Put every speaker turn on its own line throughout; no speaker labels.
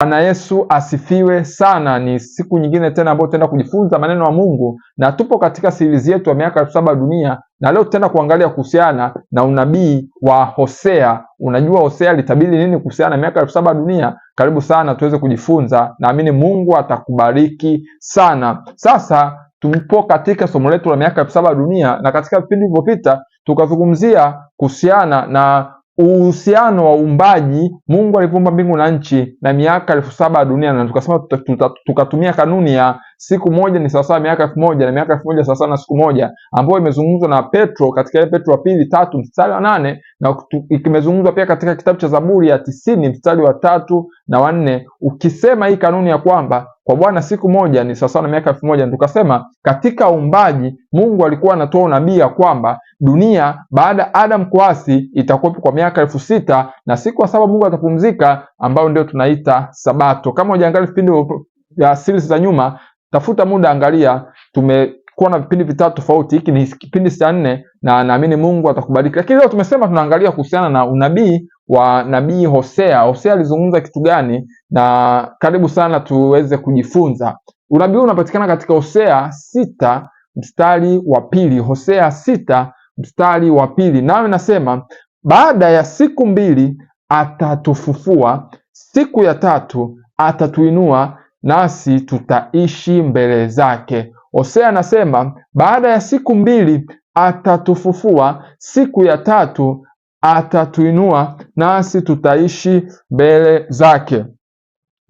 Bwana Yesu asifiwe sana. Ni siku nyingine tena ambayo tutaenda kujifunza maneno ya Mungu, na tupo katika series yetu ya miaka elfu saba dunia, na leo tutaenda kuangalia kuhusiana na unabii wa Hosea. Unajua Hosea alitabiri nini kuhusiana na miaka elfu saba dunia? Karibu sana tuweze kujifunza, naamini Mungu atakubariki sana. Sasa tumpo katika somo letu la miaka elfu saba dunia, na katika vipindi vilivyopita tukazungumzia kuhusiana na uhusiano wa uumbaji, Mungu alipoumba mbingu na nchi na miaka elfu saba ya dunia, na tukasema tukatumia kanuni ya siku moja ni sawasawa miaka elfu moja na miaka elfu moja sawasawa na siku moja, ambayo imezungumzwa na Petro katika ile Petro wa pili tatu mstari wa nane na imezungumzwa pia katika kitabu cha Zaburi ya tisini mstari wa tatu na wanne, ukisema hii kanuni ya kwamba kwa Bwana siku moja ni sawasawa na miaka elfu moja. Tukasema katika uumbaji Mungu alikuwa anatoa unabii ya kwamba dunia baada ya Adam kuasi itakuwepo kwa miaka elfu sita na siku ya saba Mungu atapumzika, ambayo ndio tunaita Sabato. Kama hujaangalia vipindi ya series za nyuma, tafuta muda, angalia. Tumekuwa na vipindi vitatu tofauti, hiki ni kipindi cha nne na naamini Mungu atakubariki. Lakini leo tumesema tunaangalia kuhusiana na unabii wa nabii Hosea. Hosea alizungumza kitu gani? Na karibu sana tuweze kujifunza. Unabii huu unapatikana katika Hosea sita mstari wa pili. Hosea sita mstari wa pili, nayo inasema baada ya siku mbili atatufufua, siku ya tatu atatuinua nasi tutaishi mbele zake. Hosea anasema baada ya siku mbili atatufufua, siku ya tatu atatuinua, nasi tutaishi mbele zake.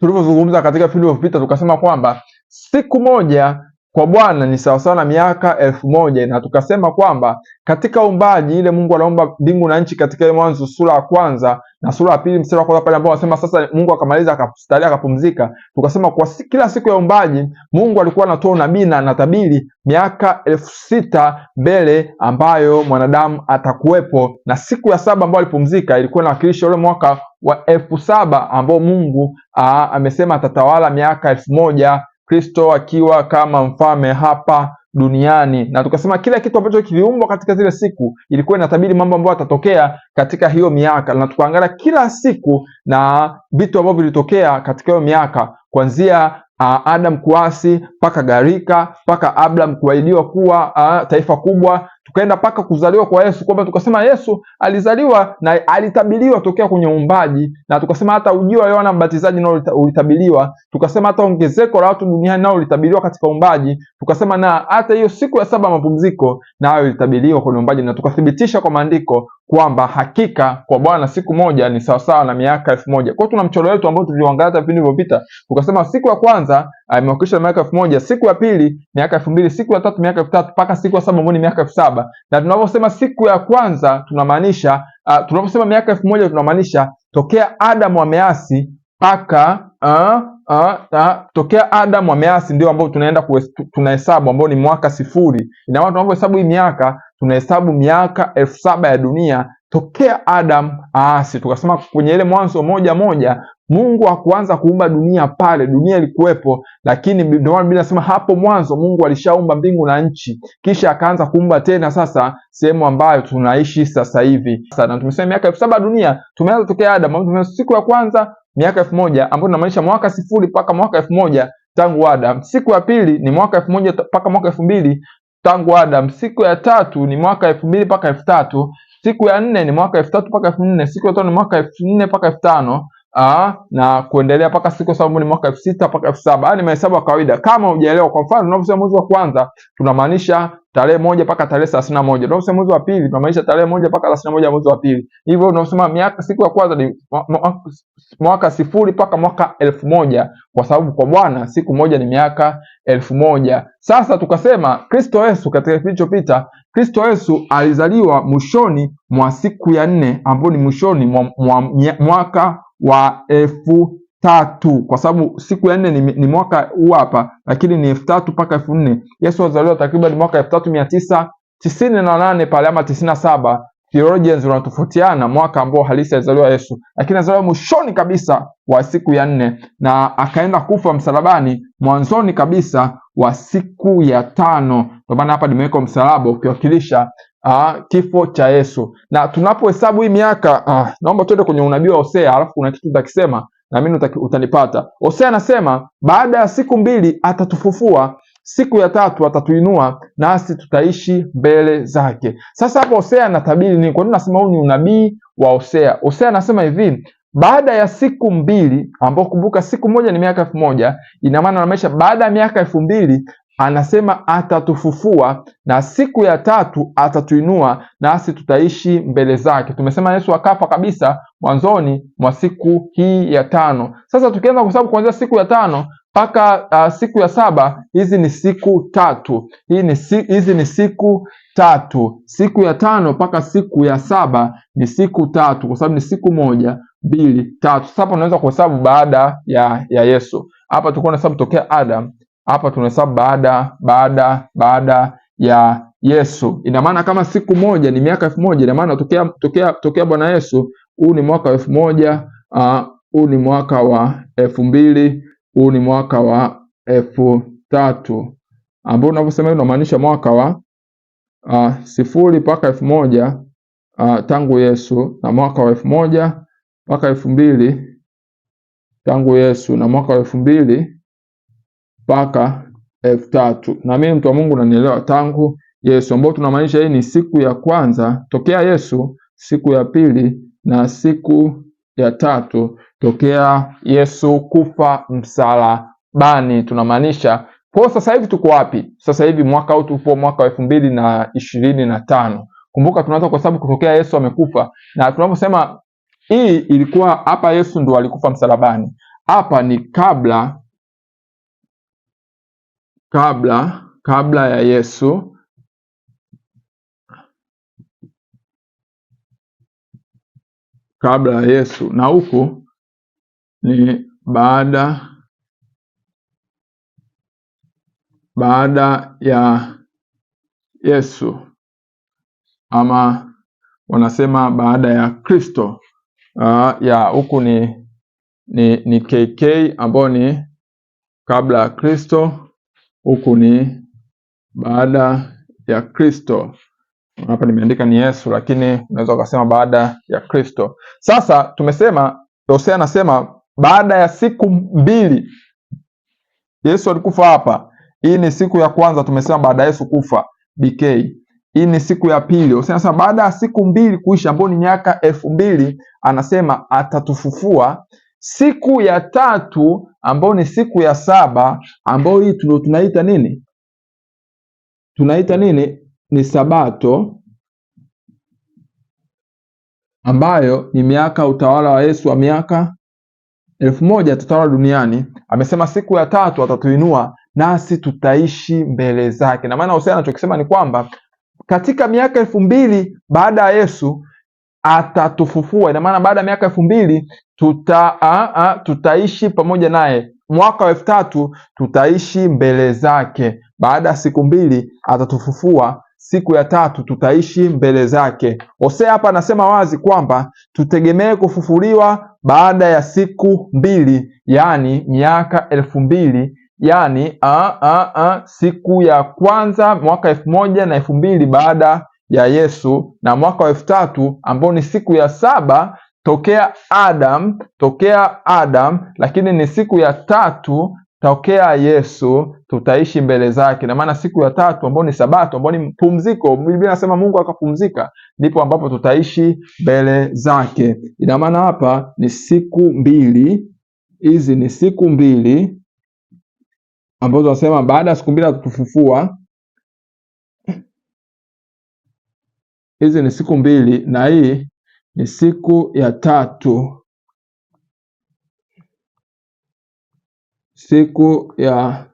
Tulivyozungumza katika vipindi iliyopita, tukasema kwamba siku moja kwa Bwana ni sawasawa na miaka elfu moja na tukasema kwamba katika uumbaji ile Mungu aliumba mbingu na nchi katika ile Mwanzo sura ya kwanza na sura ya pili mstari wa kwanza pale ambao anasema sasa Mungu akamaliza akastaria akapumzika. Tukasema kwa kila siku ya uumbaji Mungu alikuwa anatoa unabii na anatabiri miaka elfu sita mbele ambayo mwanadamu atakuwepo, na siku ya saba ambayo alipumzika ilikuwa inawakilisha ule mwaka wa elfu saba ambao Mungu aa, amesema atatawala miaka elfu moja Kristo akiwa kama mfalme hapa duniani, na tukasema kila kitu ambacho kiliumbwa katika zile siku ilikuwa inatabiri mambo ambayo yatatokea katika hiyo miaka, na tukaangalia kila siku na vitu ambavyo vilitokea katika hiyo miaka kuanzia Adam kuasi mpaka garika mpaka Abraham kuahidiwa kuwa a, taifa kubwa tukaenda mpaka kuzaliwa kwa Yesu, kwamba tukasema Yesu alizaliwa na alitabiliwa tokea kwenye uumbaji, na tukasema hata ujio wa Yohana Mbatizaji nao ulitabiliwa, tukasema hata ongezeko la watu duniani nao ulitabiliwa katika uumbaji, tukasema na hata hiyo siku ya saba mapumziko nayo ilitabiliwa kwenye uumbaji, na tukathibitisha kwa maandiko kwamba hakika kwa Bwana siku moja ni sawasawa na miaka elfu moja. Kwa hiyo tuna mchoro wetu ambao tuliuangalia vipindi vilivyopita, tukasema siku ya kwanza amewakilishwa miaka elfu moja siku ya pili miaka elfu mbili siku ya tatu miaka elfu tatu mpaka siku ya saba ambao ni miaka elfu saba na tunaposema siku ya kwanza tunamaanisha uh, tunaposema miaka elfu moja tunamaanisha tokea Adamu ameasi mpaka uh, uh, uh, tokea Adamu ameasi ndio ambao tunaenda tunahesabu ambao ni mwaka sifuri. Ina maana tunapohesabu hii miaka tunahesabu miaka elfu saba ya dunia tokea Adam aasi, ah, tukasema kwenye ile Mwanzo moja moja Mungu hakuanza kuumba dunia pale, dunia ilikuwepo, lakini ndio maana Biblia inasema hapo mwanzo Mungu alishaumba mbingu na nchi, kisha akaanza kuumba tena sasa sehemu ambayo tunaishi sasa hivi. Sasa na tumesema miaka elfu saba dunia tumeanza tokea Adam, tumesema siku ya kwanza miaka elfu moja ambayo tunamaanisha mwaka sifuri mpaka mwaka elfu moja tangu Adam. Siku ya pili ni mwaka elfu moja mpaka mwaka elfu mbili tangu Adam. Siku ya tatu ni mwaka elfu mbili mpaka elfu tatu. Siku ya nne ni mwaka elfu tatu mpaka elfu nne. Siku ya tano ni mwaka elfu nne mpaka elfu tano Aa, na kuendelea mpaka siku sababu ni mwaka elfu sita mpaka elfu saba ni yaani mahesabu ya kawaida kama hujaelewa. Kwa mfano tunavyosema mwezi wa kwanza tunamaanisha tarehe moja mpaka tarehe thelathini na moja Tunavyosema mwezi wa pili tunamaanisha tarehe moja mpaka thelathini na moja mwezi wa pili Hivyo unavyosema miaka, siku ya kwanza ni mwaka sifuri mpaka mwaka elfu moja kwa sababu kwa Bwana siku moja ni miaka elfu moja Sasa tukasema Kristo Yesu katika kipindi chopita, Kristo Yesu alizaliwa mwishoni mwa siku ya nne ambayo ni mwishoni mwa mwaka wa elfu tatu kwa sababu siku ya nne ni, ni mwaka huu hapa, lakini ni elfu tatu mpaka elfu nne Yesu alizaliwa takriban mwaka elfu tatu mia tisa tisini na nane pale ama tisini na saba Theologians wanatofautiana mwaka ambao halisi alizaliwa Yesu, lakini alizaliwa mwishoni kabisa wa siku ya nne na akaenda kufa msalabani mwanzoni kabisa wa siku ya tano. Ndio maana hapa nimeweka msalaba ukiwakilisha Aa, ah, kifo cha Yesu. Na tunapohesabu hii miaka ah, naomba tuende kwenye unabii wa Hosea, alafu kuna kitu nitakisema na mimi utanipata. Hosea anasema baada ya siku mbili atatufufua, siku ya tatu atatuinua, nasi tutaishi mbele zake. Sasa hapa Hosea anatabiri nini? Kwa nini nasema huu ni unabii wa Hosea? Hosea anasema hivi, baada ya siku mbili, ambao kumbuka siku moja ni miaka elfu moja ina maana anamaanisha baada ya miaka elfu mbili anasema atatufufua na siku ya tatu atatuinua nasi tutaishi mbele zake. Tumesema Yesu akafa kabisa mwanzoni mwa siku hii ya tano. Sasa tukianza kwa sababu kuanzia siku ya tano, mpaka uh, siku ya saba. Hizi ni siku tatu, hii ni si, hizi ni siku tatu. Siku ya tano mpaka siku ya saba ni siku tatu, kwa sababu ni siku moja, mbili, tatu. Sasa tunaweza kuhesabu baada ya, ya Yesu. Hapa tulikuwa tunahesabu tokea Adam, hapa tunahesabu baada baada baada ya Yesu. Ina maana kama siku moja ni miaka elfu moja ina maana tokea tokea tokea Bwana Yesu, huu ni mwaka wa elfu moja ah, huu uh, ni mwaka wa elfu mbili huu ni mwaka wa elfu tatu ambao unavyosema unamaanisha mwaka wa a, ah, sifuri mpaka elfu moja ah, tangu Yesu na mwaka wa elfu moja mpaka elfu mbili tangu Yesu na mwaka wa elfu mbili mpaka elfu tatu na mimi mtu wa Mungu nanielewa, tangu Yesu ambao tunamaanisha hii ni siku ya kwanza tokea Yesu, siku ya pili na siku ya tatu tokea Yesu kufa msalabani, tunamaanisha kwa sasa hivi tuko wapi? Sasa hivi mwaka huu tupo mwaka wa elfu mbili na ishirini na tano. Kumbuka tunaanza kwa sababu kutokea Yesu amekufa, na tunaposema hii ilikuwa hapa, Yesu ndo alikufa msalabani. Hapa ni kabla kabla kabla ya Yesu kabla ya Yesu na huku ni baada baada ya Yesu ama wanasema baada ya Kristo. Uh, ya huku ni, ni, ni KK ambao ni kabla ya Kristo, huku ni baada ya Kristo hapa nimeandika ni Yesu, lakini unaweza ukasema baada ya Kristo. Sasa tumesema Hosea anasema baada ya siku mbili Yesu alikufa hapa. Hii ni siku ya kwanza, tumesema baada ya Yesu kufa BK. Hii ni siku ya pili. Hosea anasema baada ya siku mbili kuisha, ambayo ni miaka elfu mbili, anasema atatufufua siku ya tatu, ambayo ni siku ya saba, ambayo hii tunaita nini? Tunaita nini? ni Sabato ambayo ni miaka utawala wa Yesu wa miaka elfu moja atatawala duniani. Amesema siku ya tatu atatuinua nasi tutaishi mbele zake. Na maana Hosea anachokisema ni kwamba katika miaka elfu mbili baada ya Yesu atatufufua. Ina maana baada ya miaka elfu mbili tuta, a, a, tutaishi pamoja naye mwaka wa elfu tatu tutaishi mbele zake. Baada ya siku mbili atatufufua siku ya tatu tutaishi mbele zake. Hosea hapa anasema wazi kwamba tutegemee kufufuliwa baada ya siku mbili, yaani miaka elfu mbili yaani a, a, a, siku ya kwanza mwaka elfu moja na elfu mbili baada ya Yesu na mwaka wa elfu tatu ambao ni siku ya saba tokea Adam tokea Adam, lakini ni siku ya tatu tokea Yesu tutaishi mbele zake. Na maana siku ya tatu ambayo ni Sabato, ambayo ni pumziko, Biblia inasema Mungu akapumzika, ndipo ambapo tutaishi mbele zake. Ina maana hapa ni siku mbili, hizi ni siku mbili ambazo nasema baada ya siku mbili atatufufua. Hizi ni siku mbili na hii ni siku ya tatu siku ya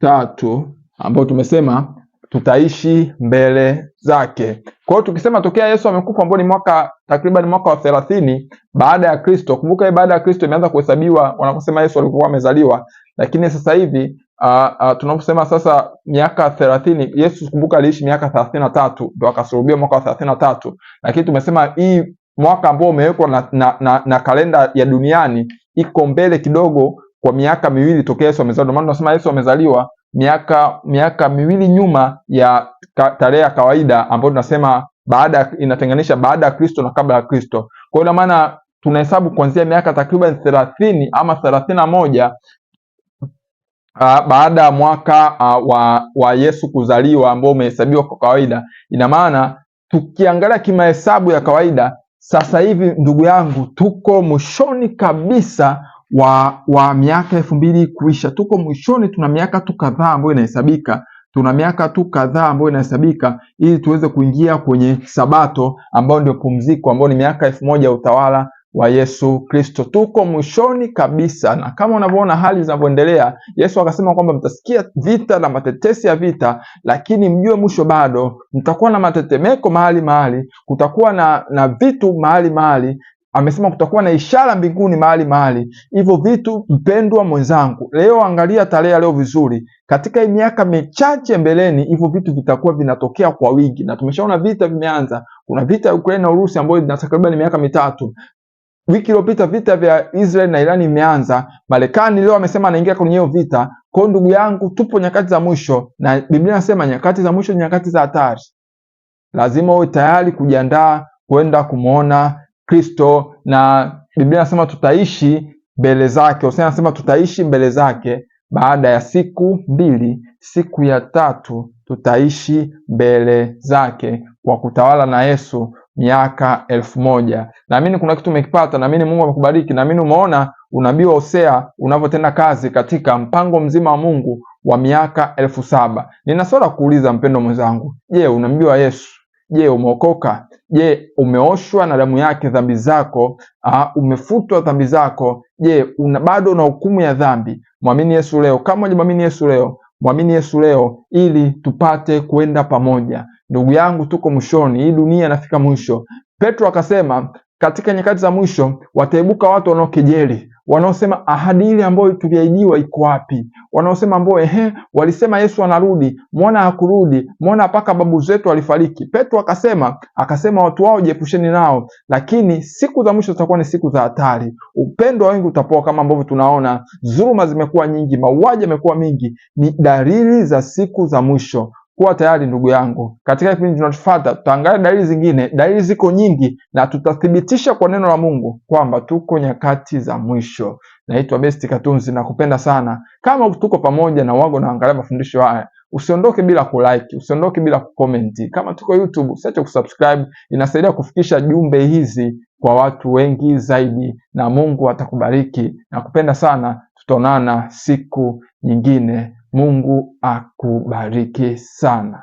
tatu ambayo tumesema tutaishi mbele zake. Kwa hiyo tukisema tokea Yesu amekufa ambao ni mwaka takriban mwaka wa thelathini baada ya Kristo. Kumbuka hii baada ya Kristo imeanza kuhesabiwa wanaposema Yesu alikuwa amezaliwa, lakini sasa hivi uh, uh, tunaposema sasa miaka thelathini Yesu kumbuka aliishi miaka thelathini na tatu ndio akasulubiwa mwaka wa thelathini na tatu lakini tumesema hii mwaka ambao umewekwa na, na, na, na kalenda ya duniani iko mbele kidogo kwa miaka miwili tokea Yesu amezaliwa. Ndio maana tunasema Yesu amezaliwa miaka miaka miwili nyuma ya tarehe ya kawaida ambayo tunasema baada, inatenganisha baada ya Kristo na kabla ya Kristo. Kwa hiyo maana tunahesabu kuanzia miaka takriban thelathini ama thelathini na moja Uh, baada ya mwaka uh, wa, wa Yesu kuzaliwa ambao umehesabiwa kwa kawaida. Ina maana tukiangalia kimahesabu ya kawaida, sasa hivi ndugu yangu, tuko mwishoni kabisa wa, wa miaka elfu mbili kuisha. Tuko mwishoni, tuna miaka tu kadhaa ambayo inahesabika tuna miaka tu kadhaa ambayo inahesabika ili tuweze kuingia kwenye Sabato ambayo ndio pumziko, ambayo ni miaka elfu moja ya utawala wa Yesu Kristo. Tuko mwishoni kabisa, na kama unavyoona hali zinavyoendelea, Yesu akasema kwamba mtasikia vita na matetesi ya vita, lakini mjue mwisho bado. Mtakuwa na matetemeko mahali mahali, kutakuwa na, na vitu mahali mahali, amesema kutakuwa na ishara mbinguni mahali mahali. Hivyo vitu mpendwa mwenzangu, leo angalia tarehe leo vizuri, katika miaka michache mbeleni, hivyo vitu vitakuwa vinatokea kwa wingi, na tumeshaona vita vimeanza. Kuna vita ya Ukraine na Urusi ambayo ina takriban miaka mitatu. Wiki iliyopita vita vya Israel na Irani imeanza. Marekani leo amesema anaingia kwenye hiyo vita. Kwa ndugu yangu, tupo nyakati za mwisho, na Biblia inasema nyakati za mwisho ni nyakati za hatari. Lazima uwe tayari kujiandaa kwenda kumwona Kristo, na Biblia inasema tutaishi mbele zake. Hosea anasema tutaishi mbele zake baada ya siku mbili, siku ya tatu tutaishi mbele zake kwa kutawala na Yesu miaka elfu moja. Naamini kuna kitu umekipata, naamini Mungu amekubariki, naamini umeona unabii wa Hosea unavyotenda kazi katika mpango mzima wa Mungu wa miaka elfu saba. Nina swali la kuuliza mpendo mwenzangu, je, unabii wa Yesu, je, umeokoka? Je, umeoshwa na damu yake dhambi zako? Aa, ah, umefutwa dhambi zako? Je, una, bado una hukumu ya dhambi? Mwamini Yesu leo. Kama hujamwamini Yesu leo, mwamini Yesu leo ili tupate kwenda pamoja. Ndugu yangu, tuko mwishoni, hii dunia inafika mwisho. Petro akasema katika nyakati za mwisho wataibuka watu wanaokejeli wanaosema ahadi ile ambayo tuliahidiwa iko wapi? Wanaosema ambao ehe, walisema Yesu anarudi, mwana hakurudi? mwana mpaka babu zetu alifariki Petro akasema akasema watu wao jiepusheni nao, lakini siku za mwisho zitakuwa ni siku za hatari. Upendo wa wengi utapoa, kama ambavyo tunaona dhuluma zimekuwa nyingi, mauaji yamekuwa mingi ni dalili za siku za mwisho kuwa tayari ndugu yangu, katika kipindi tunachofuata tutaangalia dalili zingine. Dalili ziko nyingi na tutathibitisha kwa neno la Mungu kwamba tuko nyakati za mwisho. Naitwa Best Katunzi, nakupenda sana. Kama tuko pamoja na wago naangalia mafundisho haya, usiondoke bila kulike, usiondoke bila kukomenti. Kama tuko YouTube, usiache kusubscribe, inasaidia kufikisha jumbe hizi kwa watu wengi zaidi, na Mungu atakubariki. Nakupenda sana, tutaonana siku nyingine. Mungu akubariki sana.